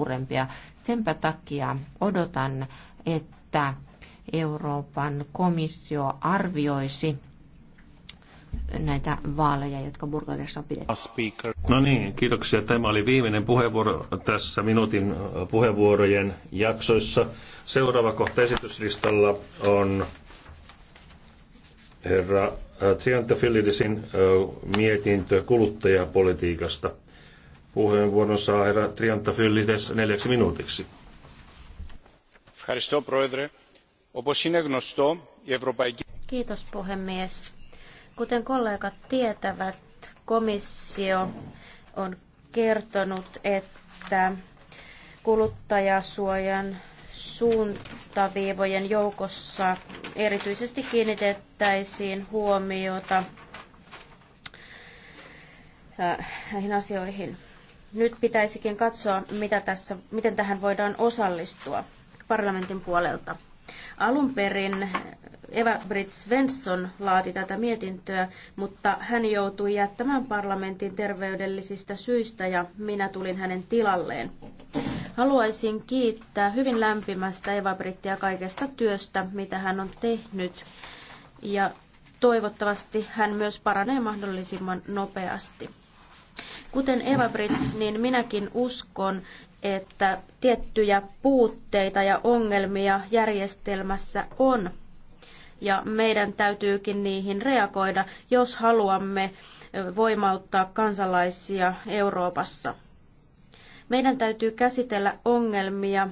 suurempia. Senpä takia odotan, että Euroopan komissio arvioisi näitä vaaleja, jotka Burgundissa on pidetty. No niin, kiitoksia. Tämä oli viimeinen puheenvuoro tässä minuutin äh, puheenvuorojen jaksoissa. Seuraava kohta esityslistalla on herra äh, Triantafilidisin äh, mietintö kuluttajapolitiikasta. Puheenvuoron saa herra Trianta Fyllides neljäksi minuutiksi. Kiitos puhemies. Kuten kollegat tietävät, komissio on kertonut, että kuluttajasuojan suuntaviivojen joukossa erityisesti kiinnitettäisiin huomiota äh, näihin asioihin. Nyt pitäisikin katsoa, mitä tässä, miten tähän voidaan osallistua parlamentin puolelta. Alun perin Eva Britt Svensson laati tätä mietintöä, mutta hän joutui jättämään parlamentin terveydellisistä syistä ja minä tulin hänen tilalleen. Haluaisin kiittää hyvin lämpimästä Eva Brittiä kaikesta työstä, mitä hän on tehnyt. Ja toivottavasti hän myös paranee mahdollisimman nopeasti. Kuten Eva Brit, niin minäkin uskon, että tiettyjä puutteita ja ongelmia järjestelmässä on. Ja meidän täytyykin niihin reagoida, jos haluamme voimauttaa kansalaisia Euroopassa. Meidän täytyy käsitellä ongelmia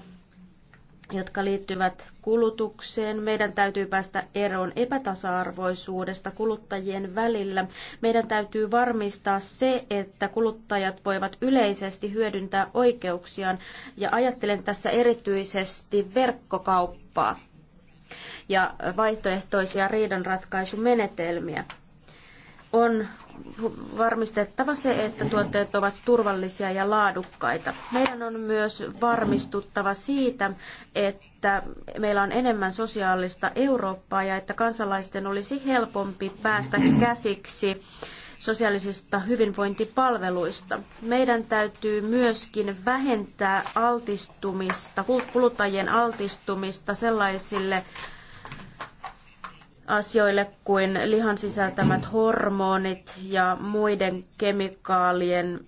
jotka liittyvät kulutukseen. Meidän täytyy päästä eroon epätasa-arvoisuudesta kuluttajien välillä. Meidän täytyy varmistaa se, että kuluttajat voivat yleisesti hyödyntää oikeuksiaan. Ja ajattelen tässä erityisesti verkkokauppaa ja vaihtoehtoisia riidanratkaisumenetelmiä on varmistettava se, että tuotteet ovat turvallisia ja laadukkaita. Meidän on myös varmistuttava siitä, että meillä on enemmän sosiaalista Eurooppaa ja että kansalaisten olisi helpompi päästä käsiksi sosiaalisista hyvinvointipalveluista. Meidän täytyy myöskin vähentää altistumista, kuluttajien altistumista sellaisille asioille kuin lihan sisältämät hormonit ja muiden kemikaalien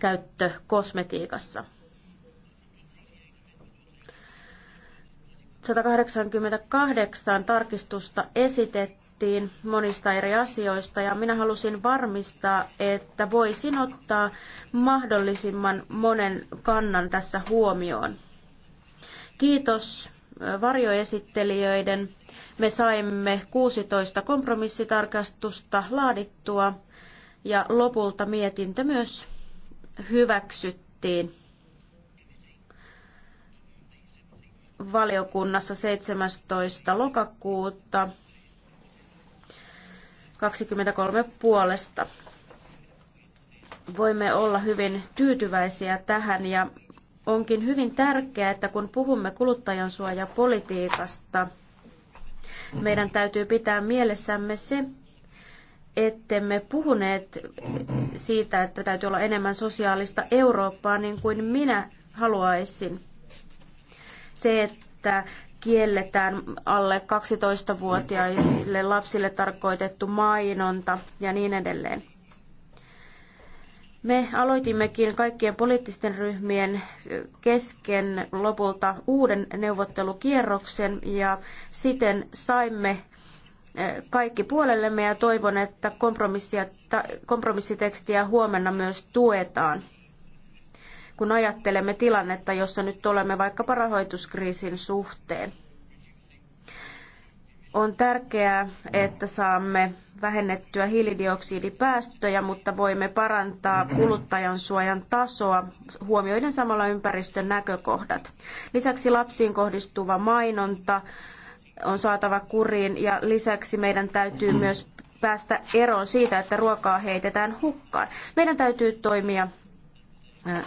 käyttö kosmetiikassa. 188 tarkistusta esitettiin monista eri asioista ja minä halusin varmistaa, että voisin ottaa mahdollisimman monen kannan tässä huomioon. Kiitos varjoesittelijöiden. Me saimme 16 kompromissitarkastusta laadittua ja lopulta mietintö myös hyväksyttiin valiokunnassa 17. lokakuuta 23 puolesta. Voimme olla hyvin tyytyväisiä tähän ja Onkin hyvin tärkeää, että kun puhumme kuluttajansuojapolitiikasta, meidän täytyy pitää mielessämme se, ettemme puhuneet siitä, että täytyy olla enemmän sosiaalista Eurooppaa niin kuin minä haluaisin. Se, että kielletään alle 12-vuotiaille lapsille tarkoitettu mainonta ja niin edelleen. Me aloitimmekin kaikkien poliittisten ryhmien kesken lopulta uuden neuvottelukierroksen ja siten saimme kaikki puolellemme ja toivon, että kompromissitekstiä huomenna myös tuetaan. Kun ajattelemme tilannetta, jossa nyt olemme vaikkapa rahoituskriisin suhteen. On tärkeää, että saamme vähennettyä hiilidioksidipäästöjä, mutta voimme parantaa kuluttajan suojan tasoa huomioiden samalla ympäristön näkökohdat. Lisäksi lapsiin kohdistuva mainonta on saatava kuriin ja lisäksi meidän täytyy myös päästä eroon siitä, että ruokaa heitetään hukkaan. Meidän täytyy toimia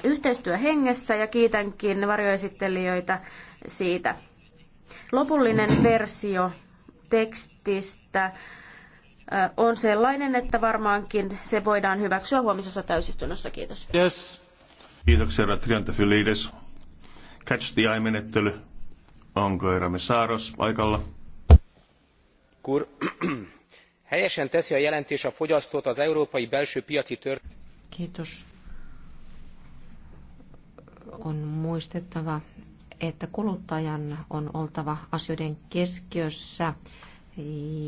yhteistyöhengessä ja kiitänkin varjoesittelijöitä siitä. Lopullinen versio tekstistä on sellainen, että varmaankin se voidaan hyväksyä huomisessa täysistunnossa. Kiitos. Yes. Kiitoksia, herra Triantafylides. Catch the eye-menettely. Onko Eramme Saaros paikalla? Kur. Helyesen teszi a jelentés a fogyasztót az európai belső piaci tör... Kiitos. On muistettava, että kuluttajan on oltava asioiden keskiössä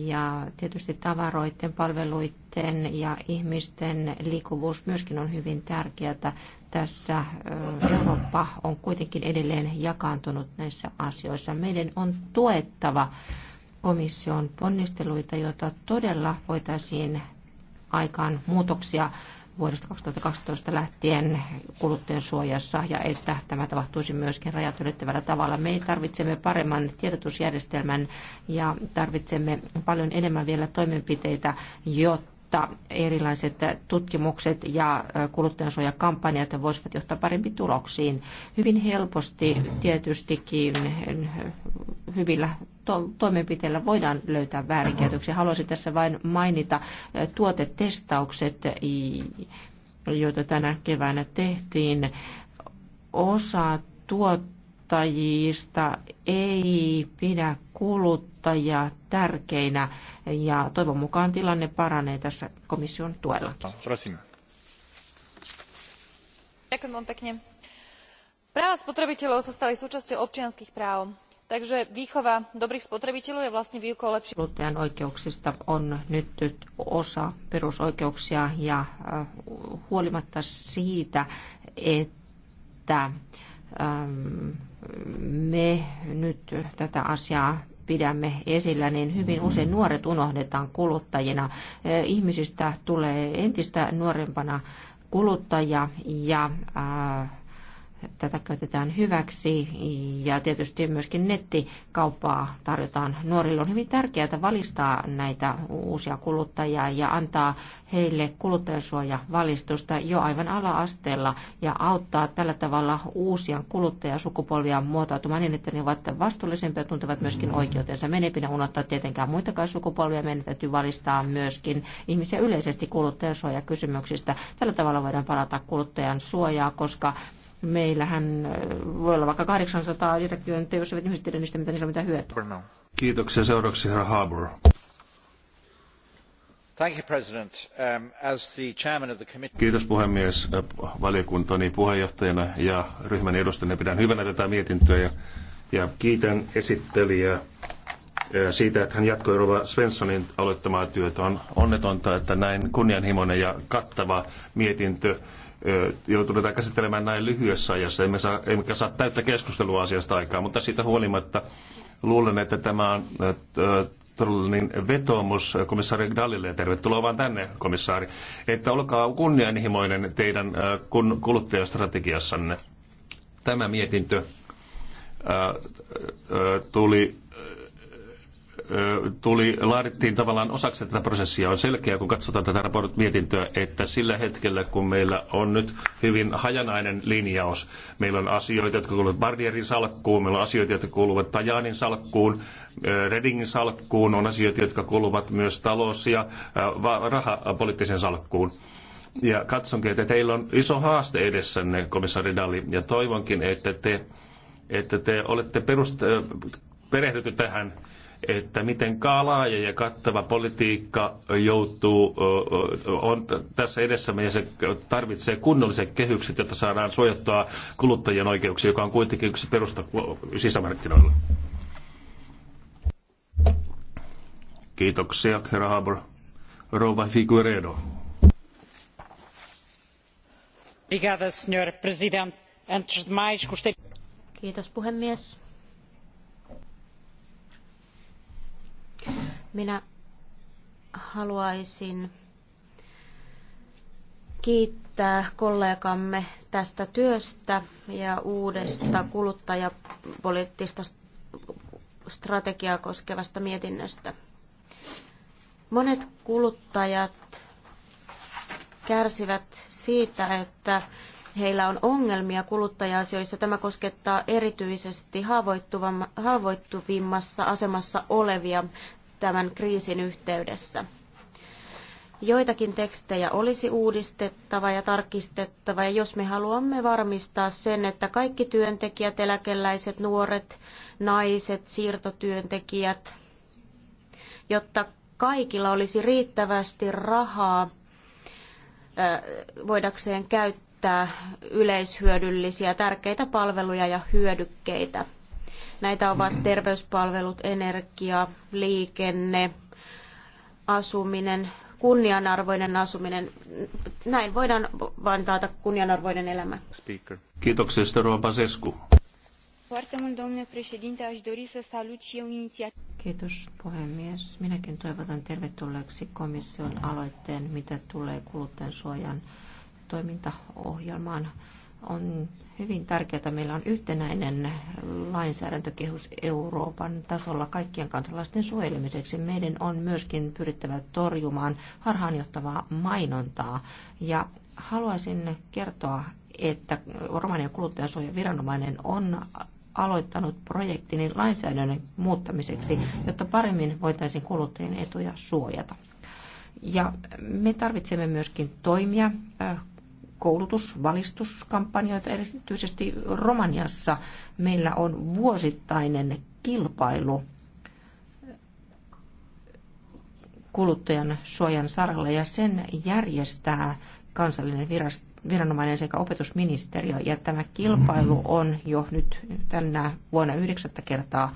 ja tietysti tavaroiden, palveluiden ja ihmisten liikkuvuus myöskin on hyvin tärkeää. Tässä Eurooppa on kuitenkin edelleen jakaantunut näissä asioissa. Meidän on tuettava komission ponnisteluita, joita todella voitaisiin aikaan muutoksia vuodesta 2012 lähtien kuluttajan suojassa ja että tämä tapahtuisi myöskin rajat ylittävällä tavalla. Me tarvitsemme paremman tiedotusjärjestelmän ja tarvitsemme paljon enemmän vielä toimenpiteitä, jotta jotta erilaiset tutkimukset ja kuluttajansuojakampanjat voisivat johtaa parempiin tuloksiin. Hyvin helposti tietystikin hyvillä to- toimenpiteillä voidaan löytää väärinkäytöksiä. Haluaisin tässä vain mainita tuotetestaukset, joita tänä keväänä tehtiin. Osa tuottajista ei pidä kuluttajia tärkeinä ja toivon mukaan tilanne paranee tässä komission tuella. Ďakujem vám pekne. Práva spotrebiteľov sa stali súčasťou občianskych práv Takže výchova dobrých spotrebiteľov je vlastne výukou lepších. Kuluttajan oikeuksista on nyt osa perusoikeuksia ja eh, huolimatta siitä, että eh, me nyt tätä asiaa pidämme esillä, niin hyvin usein nuoret unohdetaan kuluttajina. Eh, ihmisistä tulee entistä nuorempana kuluttajia ja äh, tätä käytetään hyväksi ja tietysti myöskin nettikauppaa tarjotaan nuorille. On hyvin tärkeää valistaa näitä uusia kuluttajia ja antaa heille kuluttajansuojavalistusta jo aivan ala-asteella ja auttaa tällä tavalla uusia kuluttajasukupolvia muotoutumaan niin, että ne ovat vastuullisempia ja tuntevat myöskin oikeutensa. Me ei pidä unohtaa tietenkään muitakaan sukupolvia. Meidän täytyy valistaa myöskin ihmisiä yleisesti kuluttajansuojakysymyksistä. Tällä tavalla voidaan parata kuluttajan suojaa, koska Meillähän voi olla vaikka 800 direktiivin, mutta jos eivät ihmiset tiedä niistä, mitä niillä on mitään hyötyä. Kiitoksia. Seuraavaksi herra Harbour. Um, Kiitos puhemies valiokuntani puheenjohtajana ja ryhmän edustajana pidän hyvänä tätä mietintöä ja, ja kiitän esittelijää siitä, että hän jatkoi Rova Svenssonin aloittamaa työtä. On onnetonta, että näin kunnianhimoinen ja kattava mietintö joutuneita käsittelemään näin lyhyessä ajassa. Emme saa, emmekä saa täyttä keskustelua asiasta aikaa, mutta siitä huolimatta luulen, että tämä on todellinen vetoomus komissaari Dallille ja tervetuloa vaan tänne komissaari, että olkaa kunnianhimoinen teidän kun kuluttajastrategiassanne. Tämä mietintö tuli tuli, laadittiin tavallaan osaksi tätä prosessia. On selkeää, kun katsotaan tätä raportin mietintöä, että sillä hetkellä, kun meillä on nyt hyvin hajanainen linjaus, meillä on asioita, jotka kuuluvat Bardierin salkkuun, meillä on asioita, jotka kuuluvat Tajanin salkkuun, Redingin salkkuun, on asioita, jotka kuuluvat myös talous- ja rahapoliittisen salkkuun. Ja katsonkin, että teillä on iso haaste edessänne, komissaari Dali, ja toivonkin, että te, että te olette perust, perehdytty tähän että miten laaja ja kattava politiikka joutuu, on tässä edessämme ja se tarvitsee kunnolliset kehykset, jotta saadaan suojattua kuluttajien oikeuksia, joka on kuitenkin yksi perusta sisämarkkinoilla. Kiitoksia, herra Haber. Rouva Figueredo. Kiitos, puhemies. Minä haluaisin kiittää kollegamme tästä työstä ja uudesta kuluttajapoliittista strategiaa koskevasta mietinnöstä. Monet kuluttajat kärsivät siitä, että heillä on ongelmia kuluttaja-asioissa. Tämä koskettaa erityisesti haavoittuvimmassa asemassa olevia tämän kriisin yhteydessä. Joitakin tekstejä olisi uudistettava ja tarkistettava, ja jos me haluamme varmistaa sen, että kaikki työntekijät, eläkeläiset, nuoret, naiset, siirtotyöntekijät, jotta kaikilla olisi riittävästi rahaa voidakseen käyttää yleishyödyllisiä tärkeitä palveluja ja hyödykkeitä. Näitä ovat terveyspalvelut, energia, liikenne, asuminen, kunnianarvoinen asuminen. Näin voidaan vain taata kunnianarvoinen elämä. Speaker. Kiitoksia, Sterva Pasescu. Kiitos puhemies. Minäkin toivotan tervetulleeksi komission aloitteen, mitä tulee kuluttajansuojan toimintaohjelmaan on hyvin tärkeää. Meillä on yhtenäinen lainsäädäntökehus Euroopan tasolla kaikkien kansalaisten suojelemiseksi. Meidän on myöskin pyrittävä torjumaan harhaanjohtavaa mainontaa. Ja haluaisin kertoa, että Romanian kuluttajansuojaviranomainen on aloittanut projektin lainsäädännön muuttamiseksi, jotta paremmin voitaisiin kuluttajien etuja suojata. Ja me tarvitsemme myöskin toimia koulutus-, valistuskampanjoita, erityisesti Romaniassa meillä on vuosittainen kilpailu kuluttajan suojan saralla ja sen järjestää kansallinen virasto viranomainen sekä opetusministeriö. Ja tämä kilpailu on jo nyt tänä vuonna yhdeksättä kertaa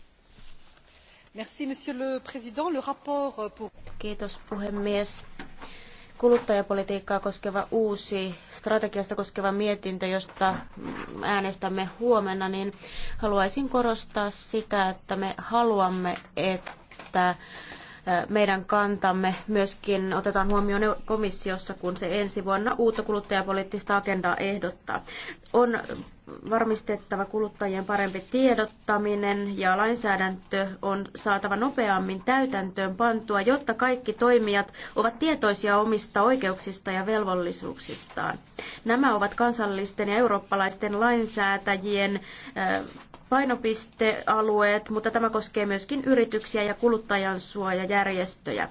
Euh, Kiitos puhemies. Kuluttajapolitiikkaa koskeva uusi strategiasta koskeva mietintö, josta äänestämme huomenna, niin haluaisin korostaa sitä, että me haluamme, että meidän kantamme myöskin otetaan huomioon komissiossa, kun se ensi vuonna uutta kuluttajapoliittista agendaa ehdottaa. On varmistettava kuluttajien parempi tiedottaminen ja lainsäädäntö on saatava nopeammin täytäntöön pantua, jotta kaikki toimijat ovat tietoisia omista oikeuksista ja velvollisuuksistaan. Nämä ovat kansallisten ja eurooppalaisten lainsäätäjien painopistealueet, mutta tämä koskee myöskin yrityksiä ja kuluttajansuojajärjestöjä.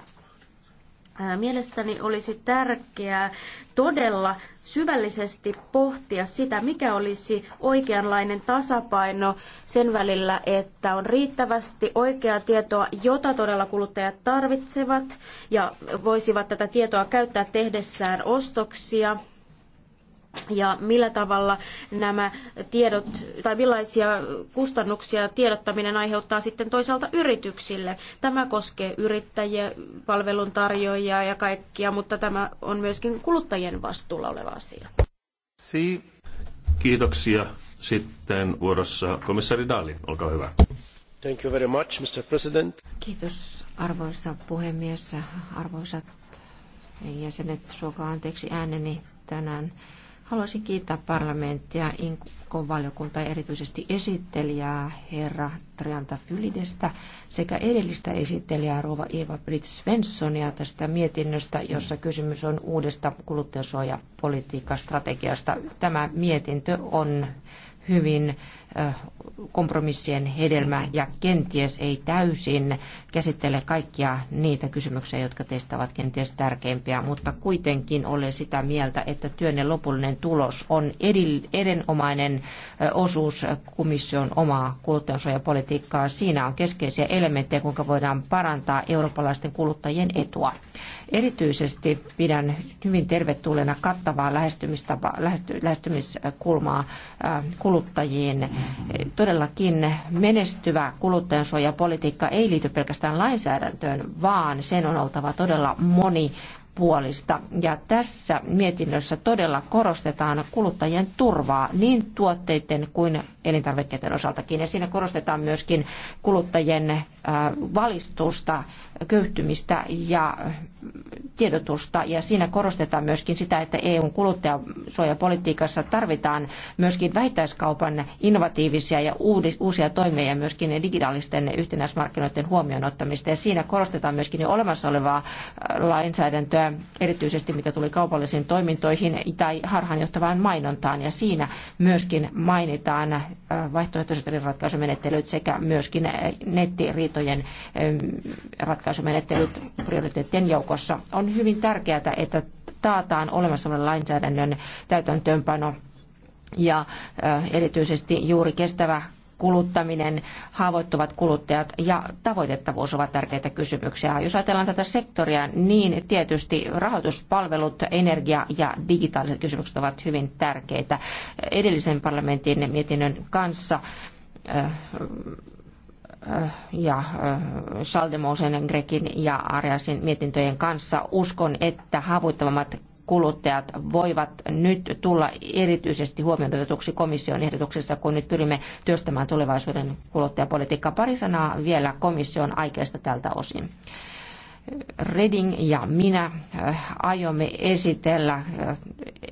Mielestäni olisi tärkeää todella syvällisesti pohtia sitä, mikä olisi oikeanlainen tasapaino sen välillä, että on riittävästi oikeaa tietoa, jota todella kuluttajat tarvitsevat ja voisivat tätä tietoa käyttää tehdessään ostoksia – ja millä tavalla nämä tiedot tai millaisia kustannuksia tiedottaminen aiheuttaa sitten toisaalta yrityksille. Tämä koskee yrittäjiä, palveluntarjoajia ja kaikkia, mutta tämä on myöskin kuluttajien vastuulla oleva asia. Kiitoksia. Sitten vuorossa komissari Dali, olkaa hyvä. Thank you very much, Mr. President. Kiitos arvoisa puhemies, arvoisat jäsenet, suokaa anteeksi ääneni tänään Haluaisin kiittää parlamenttia, Inkon valiokunta ja erityisesti esittelijää herra Trianta Fylidestä sekä edellistä esittelijää Rova Eva Britt Svenssonia tästä mietinnöstä, jossa kysymys on uudesta kuluttajasuojapolitiikastrategiasta. Tämä mietintö on hyvin kompromissien hedelmä ja kenties ei täysin käsittele kaikkia niitä kysymyksiä, jotka teistä ovat kenties tärkeimpiä, mutta kuitenkin olen sitä mieltä, että työnne lopullinen tulos on erinomainen osuus komission omaa kuluttajansuojapolitiikkaa. Siinä on keskeisiä elementtejä, kuinka voidaan parantaa eurooppalaisten kuluttajien etua. Erityisesti pidän hyvin tervetulleena kattavaa lähestymiskulmaa kulut kuluttajiin. Todellakin menestyvä kuluttajansuojapolitiikka ei liity pelkästään lainsäädäntöön, vaan sen on oltava todella moni puolista. Ja tässä mietinnössä todella korostetaan kuluttajien turvaa niin tuotteiden kuin elintarvikkeiden osaltakin. Ja siinä korostetaan myöskin kuluttajien valistusta, köyhtymistä ja tiedotusta. Ja siinä korostetaan myöskin sitä, että EUn kuluttajasuojapolitiikassa tarvitaan myöskin vähittäiskaupan innovatiivisia ja uusia toimia ja myöskin digitaalisten yhtenäismarkkinoiden huomioon ottamista. Ja siinä korostetaan myöskin jo olemassa olevaa lainsäädäntöä, erityisesti mitä tuli kaupallisiin toimintoihin tai harhaanjohtavaan mainontaan. Ja siinä myöskin mainitaan vaihtoehtoiset ratkaisumenettelyt sekä myöskin nettiriitojen riitojen ratkaisumenettelyt prioriteettien joukossa. On hyvin tärkeää, että taataan olemassa olevan lainsäädännön täytäntöönpano ja eh, erityisesti juuri kestävä kuluttaminen, haavoittuvat kuluttajat ja tavoitettavuus ovat tärkeitä kysymyksiä. Jos ajatellaan tätä sektoria, niin tietysti rahoituspalvelut, energia ja digitaaliset kysymykset ovat hyvin tärkeitä. Edellisen parlamentin mietinnön kanssa eh, Äh, ja äh, Schaldemosen, Grekin ja Ariasin mietintöjen kanssa. Uskon, että haavoittavammat kuluttajat voivat nyt tulla erityisesti huomioitetuksi komission ehdotuksessa, kun nyt pyrimme työstämään tulevaisuuden kuluttajapolitiikkaa. Pari sanaa vielä komission aikeista tältä osin. Reding ja minä äh, aiomme esitellä äh,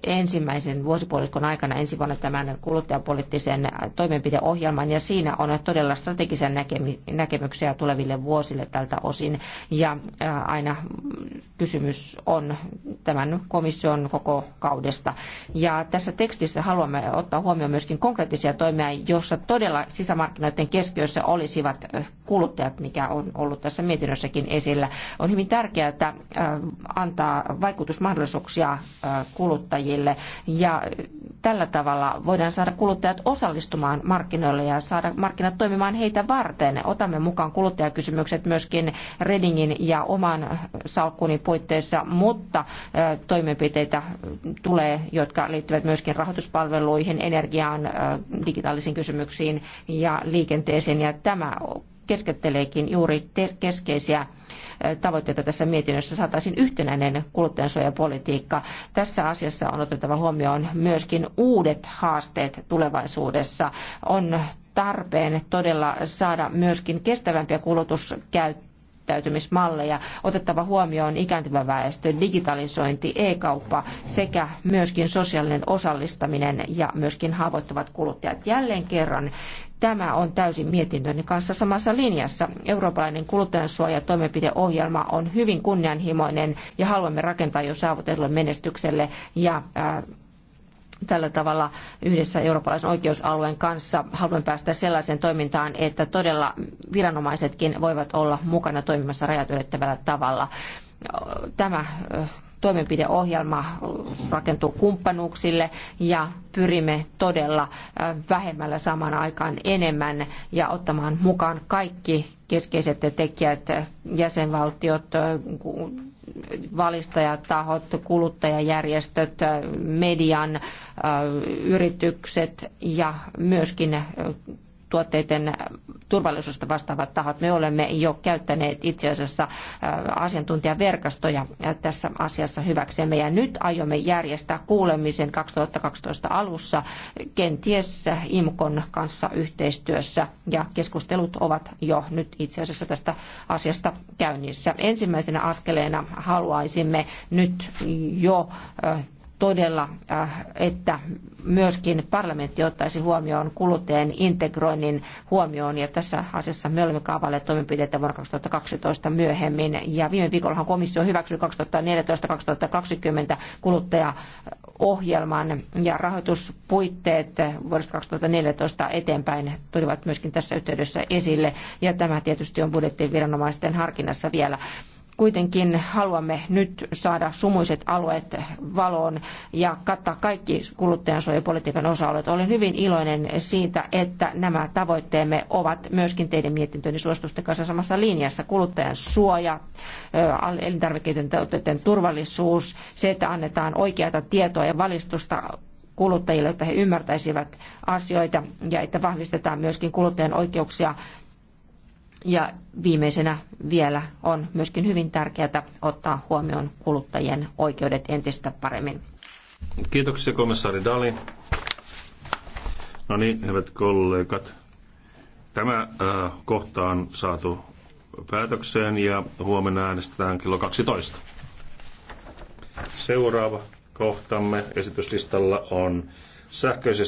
ensimmäisen vuosipuoliskon aikana ensi vuonna tämän kuluttajapoliittisen toimenpideohjelman ja siinä on todella strategisia näkemyksiä tuleville vuosille tältä osin ja äh, aina kysymys on tämän komission koko kaudesta. Ja tässä tekstissä haluamme ottaa huomioon myöskin konkreettisia toimia, joissa todella sisämarkkinoiden keskiössä olisivat kuluttajat, mikä on ollut tässä mietinnössäkin esillä on hyvin tärkeää että antaa vaikutusmahdollisuuksia kuluttajille ja tällä tavalla voidaan saada kuluttajat osallistumaan markkinoille ja saada markkinat toimimaan heitä varten. Otamme mukaan kuluttajakysymykset myöskin Redingin ja oman salkkuni puitteissa, mutta toimenpiteitä tulee, jotka liittyvät myöskin rahoituspalveluihin, energiaan, digitaalisiin kysymyksiin ja liikenteeseen. Ja tämä kesketteleekin juuri keskeisiä tavoitteita tässä mietinnössä saataisiin yhtenäinen kuluttajansuojapolitiikka. Tässä asiassa on otettava huomioon myöskin uudet haasteet tulevaisuudessa. On tarpeen todella saada myöskin kestävämpiä kulutuskäyttöä käyttäytymismalleja, otettava huomioon ikääntyvä väestö, digitalisointi, e-kauppa sekä myöskin sosiaalinen osallistaminen ja myöskin haavoittuvat kuluttajat. Jälleen kerran Tämä on täysin mietintöni kanssa samassa linjassa. Eurooppalainen kuluttajansuojatoimenpideohjelma on hyvin kunnianhimoinen ja haluamme rakentaa jo saavutetulle menestykselle ja tällä tavalla yhdessä eurooppalaisen oikeusalueen kanssa haluamme päästä sellaiseen toimintaan, että todella viranomaisetkin voivat olla mukana toimimassa rajat ylittävällä tavalla. Tämä toimenpideohjelma rakentuu kumppanuuksille ja pyrimme todella vähemmällä samaan aikaan enemmän ja ottamaan mukaan kaikki keskeiset tekijät, jäsenvaltiot, valistajatahot, kuluttajajärjestöt, median, yritykset ja myöskin tuotteiden turvallisuudesta vastaavat tahot. Me olemme jo käyttäneet itse asiassa äh, asiantuntijaverkostoja äh, tässä asiassa hyväksemme. Ja nyt aiomme järjestää kuulemisen 2012 alussa kenties IMKON kanssa yhteistyössä. Ja keskustelut ovat jo nyt itse asiassa tästä asiasta käynnissä. Ensimmäisenä askeleena haluaisimme nyt jo äh, todella, äh, että myöskin parlamentti ottaisi huomioon kuluttajien integroinnin huomioon. Ja tässä asiassa me olemme kaavailleet toimenpiteitä vuonna 2012 myöhemmin. Ja viime viikollahan komissio hyväksyi 2014-2020 kuluttajaohjelman ja rahoituspuitteet vuodesta 2014 eteenpäin tulivat myöskin tässä yhteydessä esille. Ja tämä tietysti on budjettiviranomaisten harkinnassa vielä. Kuitenkin haluamme nyt saada sumuiset alueet valoon ja kattaa kaikki kuluttajansuojapolitiikan osa-alueet. Olen hyvin iloinen siitä, että nämä tavoitteemme ovat myöskin teidän mietintöni suositusten kanssa samassa linjassa. Kuluttajan suoja, elintarvikkeiden tuotteiden turvallisuus, se, että annetaan oikeata tietoa ja valistusta kuluttajille, jotta he ymmärtäisivät asioita ja että vahvistetaan myöskin kuluttajan oikeuksia ja viimeisenä vielä on myöskin hyvin tärkeää ottaa huomioon kuluttajien oikeudet entistä paremmin. Kiitoksia komissaari Dali. No niin, hyvät kollegat. Tämä äh, kohta on saatu päätökseen ja huomenna äänestetään kello 12. Seuraava kohtamme esityslistalla on sähköisesti